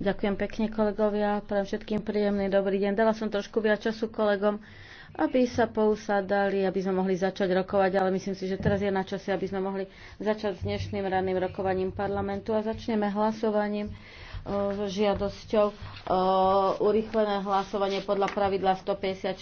Ďakujem pekne kolegovia, prajem všetkým príjemný dobrý deň. Dala som trošku viac času kolegom, aby sa pousadali, aby sme mohli začať rokovať, ale myslím si, že teraz je na čase, aby sme mohli začať s dnešným ranným rokovaním parlamentu a začneme hlasovaním e, žiadosťou urýchlené urychlené hlasovanie podľa pravidla 154.